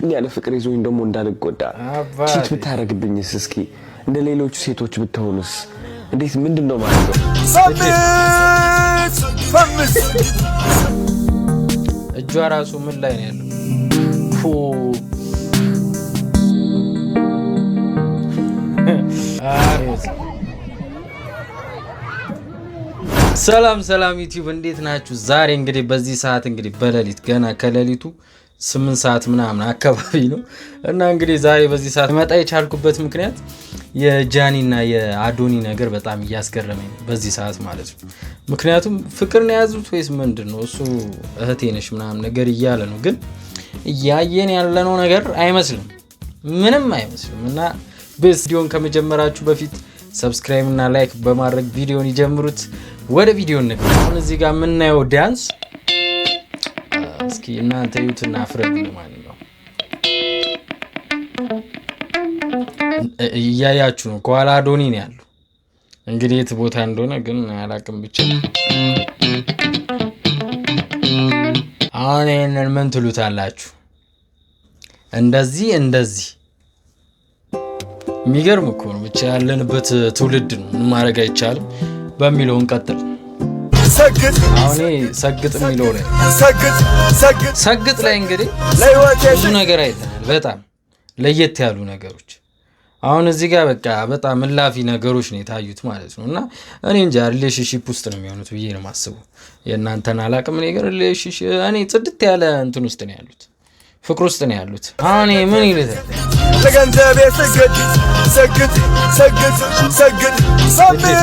ፍጥን ያለ ፍቅር ይዞኝ ደግሞ እንዳልጎዳ ቺት ብታደርግብኝስ? እስኪ እንደ ሌሎቹ ሴቶች ብትሆኑስ? እንዴት ምንድን ነው ማለት ነው? እጇ ራሱ ምን ላይ ነው ያለው? ሰላም ሰላም ዩቲዩብ እንዴት ናችሁ? ዛሬ እንግዲህ በዚህ ሰዓት እንግዲህ በሌሊት ገና ከሌሊቱ ስምንት ሰዓት ምናምን አካባቢ ነው እና እንግዲህ ዛሬ በዚህ ሰዓት መጣ የቻልኩበት ምክንያት የጃኒና የአዶኒ ነገር በጣም እያስገረመኝ በዚህ ሰዓት ማለት ነው። ምክንያቱም ፍቅር ነው የያዙት ወይስ ምንድን ነው? እሱ እህቴ ነሽ ምናምን ነገር እያለ ነው፣ ግን እያየን ያለነው ነገር አይመስልም፣ ምንም አይመስልም። እና ብስ ቪዲዮን ከመጀመራችሁ በፊት ሰብስክራይብ እና ላይክ በማድረግ ቪዲዮን ይጀምሩት። ወደ ቪዲዮ ነገር አሁን እዚህ ጋር የምናየው ዳንስ እስኪ እናንተ ዩትና ፍረድ ማለት ነው። እያያችሁ ነው። ከኋላ አዶኒ ነው ያሉ። እንግዲህ የት ቦታ እንደሆነ ግን አላቅም። ብቻ አሁን ይህንን ምን ትሉታላችሁ? እንደዚህ እንደዚህ የሚገርም እኮ ነው። ብቻ ያለንበት ትውልድ ነው። ማድረግ አይቻልም በሚለው እንቀጥል። ሰግጥ አሁን የሚለው ላይ ሰግጥ ሰግጥ ሰግጥ ላይ እንግዲህ ብዙ ነገር አይተናል። በጣም ለየት ያሉ ነገሮች አሁን እዚህ ጋር በቃ በጣም እላፊ ነገሮች ነው የታዩት ማለት ነው። እና እኔ እንጃ ሪሌሽንሺፕ ውስጥ ነው የሚሆኑት ብዬ ነው የማስበው። የእናንተን አላቅም። እኔ ግን እኔ ጽድት ያለ እንትን ውስጥ ነው ያሉት፣ ፍቅር ውስጥ ነው ያሉት። አሁን ምን ይልታል ለገንዘቤ ስግድ ስግድ ስግድ ሰግጥ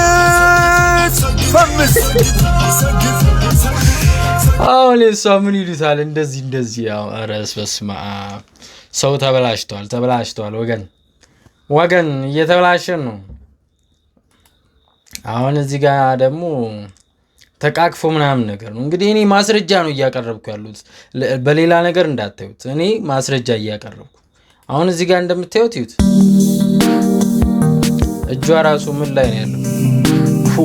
አሁን የእሷ ምን ይሉታል? እንደዚህ እንደዚህ ረስ በስማ ሰው ተበላሽቷል፣ ተበላሽቷል። ወገን ወገን እየተበላሸን ነው። አሁን እዚህ ጋር ደግሞ ተቃቅፎ ምናምን ነገር ነው እንግዲህ። እኔ ማስረጃ ነው እያቀረብኩ ያሉት፣ በሌላ ነገር እንዳታዩት። እኔ ማስረጃ እያቀረብኩ አሁን እዚህ ጋር እንደምታዩት ዩት እጇ ራሱ ምን ላይ ነው ያለው?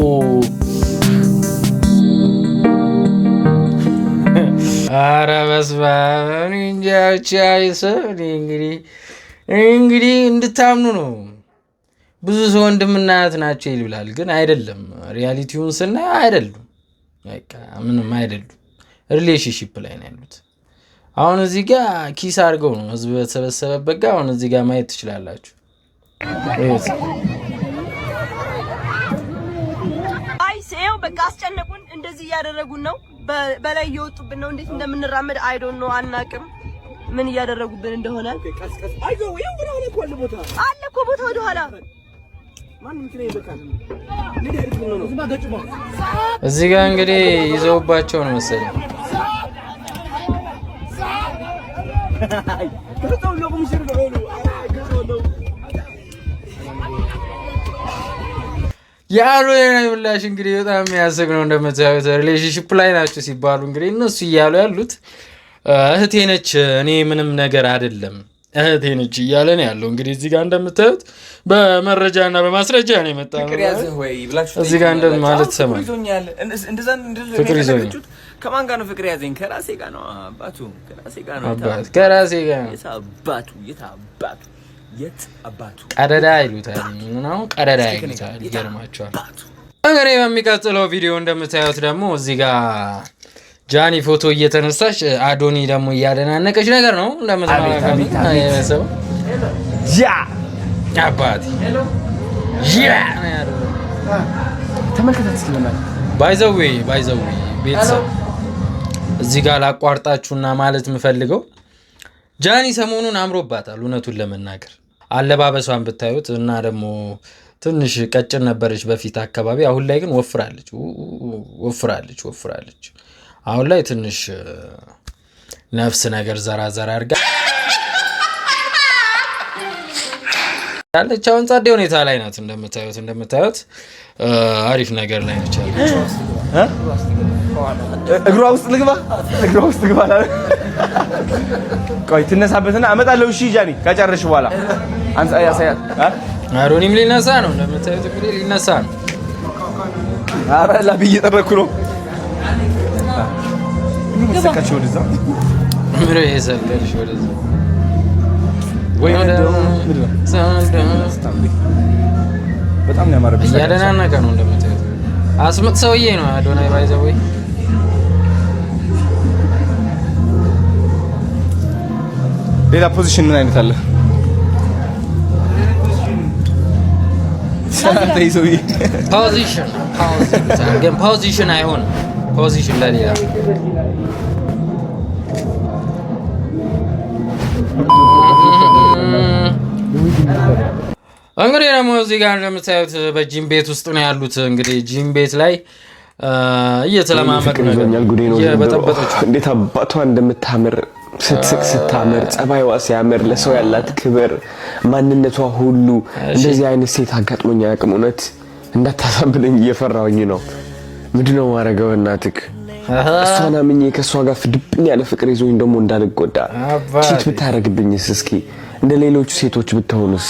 አረ በስመ እንግዲህ እንድታምኑ ነው። ብዙ ሰው ወንድምና እህት ናቸው ይልብላል፣ ግን አይደለም። ሪያሊቲውን ስናይ አይደሉም፣ ምንም አይደሉም። ሪሌሽንሽፕ ላይ ነው ያሉት። አሁን እዚህ ጋ ኪስ አድርገው ነው ህዝብ በተሰበሰበበት ጋር አሁን እዚህ ጋር ማየት ትችላላችሁ። እንደዚህ እያደረጉን ነው። በላይ እየወጡብን ነው። እንዴት እንደምንራመድ ዶንት ኖ አናቅም፣ ምን እያደረጉብን እንደሆነ። አለ እኮ ቦታ ወደ ኋላ እዚህ ጋር እንግዲህ ይዘውባቸው ነው መሰለኝ። ያሉ የአሮና ምላሽ እንግዲህ በጣም የሚያስቅ ነው። እንደምታዩት ሪሌሽንሽፕ ላይ ናቸው ሲባሉ እንግዲህ እነሱ እያሉ ያሉት እህቴ ነች፣ እኔ ምንም ነገር አይደለም እህቴ ነች እያለ ነው ያለው። እንግዲህ እዚህ ጋር እንደምታዩት በመረጃ እና በማስረጃ ነው የመጣ እዚህ ጋር እንደ ማለት ትሰማለህ፣ ፍቅር ይዞኛል። ከማን ጋር ነው ፍቅር ያዘኝ? ከራሴ ጋር ነው አባቱ፣ ከራሴ ጋር ነው አባቱ፣ ከራሴ ጋር ነው አባቱ አባቱ፣ ቀደዳ ይሉታል። ምናምን ቀደዳ ይሉታል። ይገርማቸዋል። እንግዲህ በሚቀጥለው ቪዲዮ እንደምታዩት ደግሞ እዚህ ጋር ጃኒ ፎቶ እየተነሳች አዶኒ ደግሞ እያደናነቀች ነገር ነው እንደምትሰው አባት ባይዘዌ ባይዘዌ ቤተሰብ እዚህ ጋር ላቋርጣችሁና ማለት የምፈልገው ጃኒ ሰሞኑን አምሮባታል እውነቱን ለመናገር አለባበሷን ብታዩት እና ደግሞ ትንሽ ቀጭን ነበረች በፊት አካባቢ። አሁን ላይ ግን ወፍራለች ወፍራለች ወፍራለች። አሁን ላይ ትንሽ ነፍስ ነገር ዘራዘራ አድርጋ ያለች አሁን ጸዴ ሁኔታ ላይ ናት። እንደምታዩት እንደምታዩት አሪፍ ነገር ላይ ነች። እግሯ ውስጥ ልግባ፣ እግሯ ውስጥ ልግባ። ቆይ ትነሳበትና አመጣለሁ። እሺ ጃኒ ከጨረሽ በኋላ አንሳ፣ ያሳያል። አሮኒም ሊነሳ ነው፣ እንደምታዩት እንግዲህ ሊነሳ ነው። ኧረ ላብ እየጠረኩ ነው። ሰካቸው ወደዛ ምሮ የሰለልሽ ወደዛ ወይ ወደ በጣም ነው ያማረብሽ። ያደናነቀ ነው እንደምታዩት። አስመጥ ሰውዬ ነው አዶናይ ባይዘው ወይ ሌላ ፖዚሽን ምን አይነት አለ? ፖዚሽን ፖዚሽን አይሆንም። ፖዚሽን ለሌላ እንግዲህ ደግሞ እዚህ ጋር እንደምታዩት በጂም ቤት ውስጥ ነው ያሉት። እንግዲህ ጂም ቤት ላይ እየተለማመዱ ነው። የበጠበጠች እንዴት አባቷ እንደምታምር ስትስቅ ስታምር ጸባይዋ ሲያምር ለሰው ያላት ክብር ማንነቷ ሁሉ እንደዚህ አይነት ሴት አጋጥሞኝ አያውቅም። እውነት እንዳታሳብለኝ እየፈራውኝ ነው። ምንድነው ማረገው እናትክ እሷን አምኜ ከእሷ ጋር ፍድብን ያለ ፍቅር ይዞኝ ደግሞ እንዳልጎዳ ቺት ብታደርግብኝስ? እስኪ እንደ ሌሎቹ ሴቶች ብትሆንስ?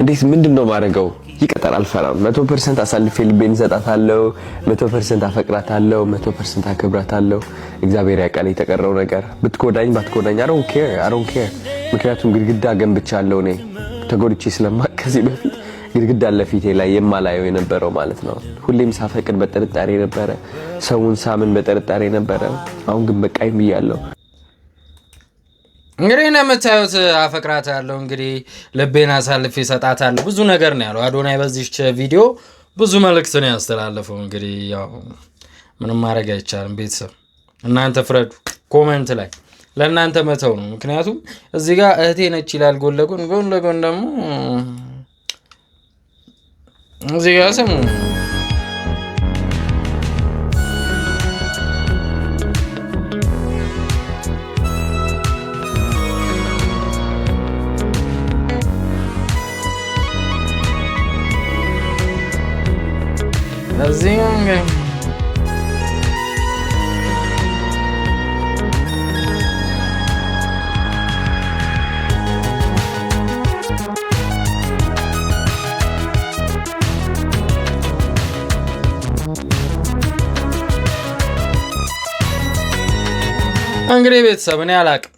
እንዴት ምንድን ነው ማረገው? ይቀጠር አልፈራም። መቶ ፐርሰንት አሳልፌ ልቤን እሰጣታለሁ። መቶ ፐርሰንት አፈቅራታለሁ። መቶ ፐርሰንት አከብራታለሁ። እግዚአብሔር ያውቃል የተቀረው ነገር። ብትጎዳኝ ባትጎዳኝ አሮን ኬር አሮን ኬር። ምክንያቱም ግድግዳ ገንብቻለሁ እኔ ተጎድቼ ስለማቅ ከዚህ በፊት ግድግዳ ለፊቴ ላይ የማላየው የነበረው ማለት ነው። ሁሌም ሳፈቅድ በጥርጣሬ ነበረ። ሰውን ሳምን በጥርጣሬ ነበረ። አሁን ግን በቃኝ ብያለሁ። እንግዲህ እንደምታዩት አፈቅራት ያለው እንግዲህ ልቤን አሳልፌ እሰጣታለሁ ብዙ ነገር ነው ያለው አዶናይ። በዚች ቪዲዮ ብዙ መልእክት ነው ያስተላለፈው። እንግዲህ ያው ምንም ማድረግ አይቻልም። ቤተሰብ እናንተ ፍረዱ። ኮመንት ላይ ለእናንተ መተው ነው። ምክንያቱም እዚህ ጋር እህቴ ነች ይላል ጎን ለጎን ጎን ለጎን ደግሞ እዚህ ጋር ስሙ እዚህ እንግዲህ ቤተሰብ እኔ አላቅም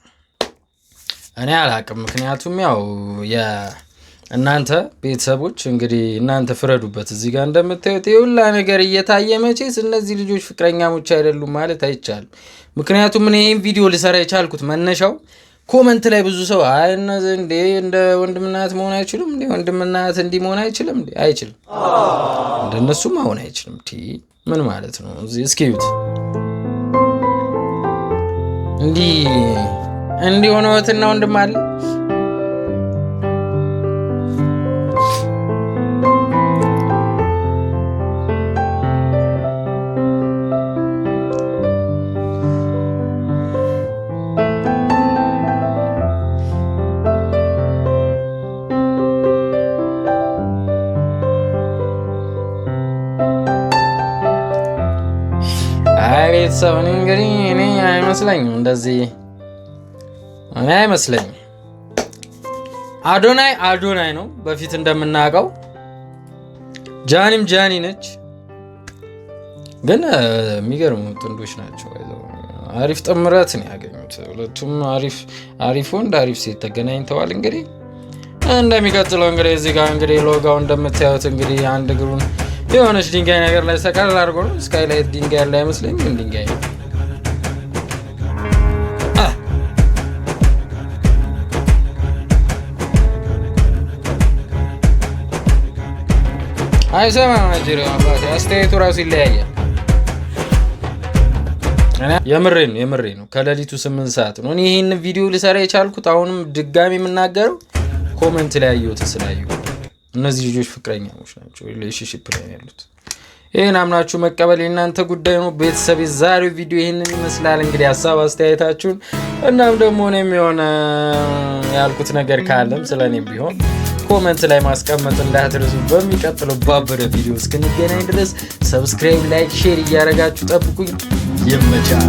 እኔ አላቅም። ምክንያቱም ያው እናንተ ቤተሰቦች እንግዲህ እናንተ ፍረዱበት። እዚህ ጋር እንደምታዩት የሁላ ነገር እየታየ መቼስ እነዚህ ልጆች ፍቅረኛሞች አይደሉም ማለት አይቻልም። ምክንያቱም እኔ ይህም ቪዲዮ ልሰራ የቻልኩት መነሻው ኮመንት ላይ ብዙ ሰው እንዴ እንደ ወንድምናት መሆን አይችልም እንዴ ወንድምናት እንዲህ መሆን አይችልም እንዴ አይችልም፣ እንደነሱም መሆን አይችልም። ምን ማለት ነው? እስኪ እስኪዩት እንዲህ እንዲህ ሆነ ወንድም አለ ቤተሰብ እንግዲህ እኔ አይመስለኝም፣ እንደዚህ እኔ አይመስለኝም። አዶናይ አዶናይ ነው በፊት እንደምናውቀው። ጃኒም ጃኒ ነች። ግን የሚገርሙ ጥንዶች ናቸው። አሪፍ ጥምረት ነው ያገኙት። ሁለቱም አሪፍ አሪፍ ወንድ አሪፍ ሴት ተገናኝተዋል። እንግዲህ እንደሚቀጥለው እንግዲህ እዚህ ጋር እንግዲህ ሎጋው እንደምታዩት እንግዲህ አንድ እግሩን የሆነች ድንጋይ ነገር ላይ ሰቀል አድርጎ ነው። ስካይ ላይ ድንጋይ ያለ አይመስለኝ ግን ድንጋይ ነው። አይሰማም ናይጄሪያ አባቴ፣ አስተያየቱ ራሱ ይለያያል። የምሬ ነው የምሬ ነው። ከሌሊቱ ስምንት ሰዓት ነው እኔ ይህን ቪዲዮ ልሰራ የቻልኩት። አሁንም ድጋሚ የምናገረው ኮመንት ላይ ያየሁትን ስላየሁ እነዚህ ልጆች ፍቅረኛሞች ናቸው፣ ሪሌሽንሽፕ ላይ ያሉት። ይህን አምናችሁ መቀበል የእናንተ ጉዳይ ነው። ቤተሰብ የዛሬው ቪዲዮ ይህንን ይመስላል። እንግዲህ ሀሳብ አስተያየታችሁን፣ እናም ደግሞ እኔም የሆነ ያልኩት ነገር ካለም ስለ እኔም ቢሆን ኮመንት ላይ ማስቀመጥ እንዳትረሱ። በሚቀጥለው ባበረ ቪዲዮ እስክንገናኝ ድረስ ሰብስክራይብ፣ ላይክ፣ ሼር እያደረጋችሁ ጠብቁኝ። ይመቻል።